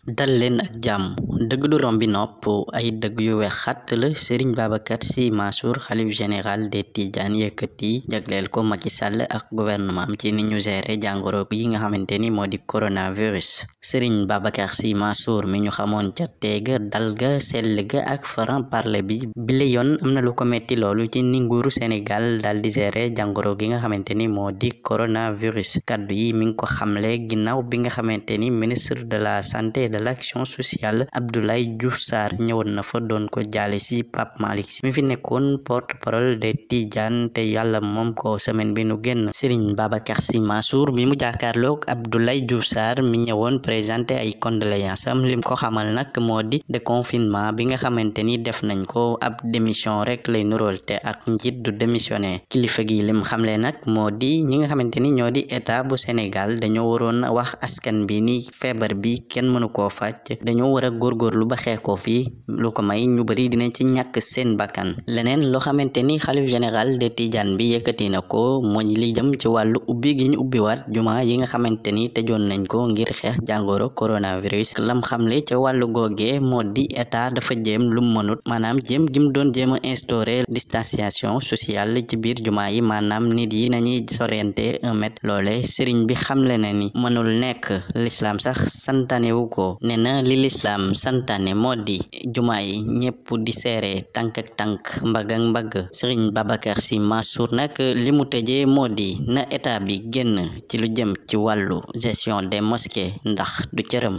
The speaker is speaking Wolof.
dal leen ak jàmm dëgg du rombi nopp ay dëgg yu weex xàtt la Serigne Babacar Sy Mansour xalif général des Tidianes yëkkati jagleel ko Macky Sall ak gouvernement am ci ni ñu géré jàngoro yi nga xamante ni moo di coronavirus Serigne Babacar Sy Mansour mi ñu xamoon ca teega dal ga sell ak franc parler bi yoon am na lu ko metti loolu ci ni Sénégal dal di géré jàngoro gi nga xamante ni moo di coronavirus kaddu yi mi ngi ko xamle ginnaaw bi nga xamante ni ministre de la santé l'action sociale Abdoulaye Diouf Sarr ñëwoon na doon ko jaale si Pape Malick Sy mi fi nekkoon porte parole des Tidianes te yàlla moom ko semaine bi nu génn Serigne Babacar Sy Mansour bi mu jàkkaarloog Abdoulaye Diouf Sarr mi ñëwoon présenté ay condoléances am lim ko xamal nag moo di déconfinement bi nga xamante ni def nañ ko ab démission rek lay nurool te ak njiit du démissionné kilifa gi lim xamle nag moo di ñi nga xamante ni ñoo di bu Sénégal dañoo waroon koo fàcc dañoo war a góorgóorlu ba xeex ko fii lu ko may ñu bari dinañ ci ñàkk seen bakkan leneen loo xamante ni xalif général de Tidiane bi yëkkati na ko mooy li jëm ci wàllu ubbi gi ñu ubbiwaat juma yi nga xamante ni tëjoon nañ ko ngir xeex jàngoro coronavirus lam xamle ci wàllu googee moo di état dafa jéem lu mënut maanaam jéem jim doon jéem a instaurer distanciation sociale ci biir juma yi maanaam nit yi nañuy sorente un loole sëriñ bi xamle na ni mënul nekk l'islam sax santanewu ko ko na li lislaam santaane moo di jumaa yi ñépp di seere tànk ak tànk mbagg ak mbagg si Babacar Sy Mansour nag li mu tëjee moo di na état bi génn ci lu jëm ci wàllu gestion de mosquées ndax du cëram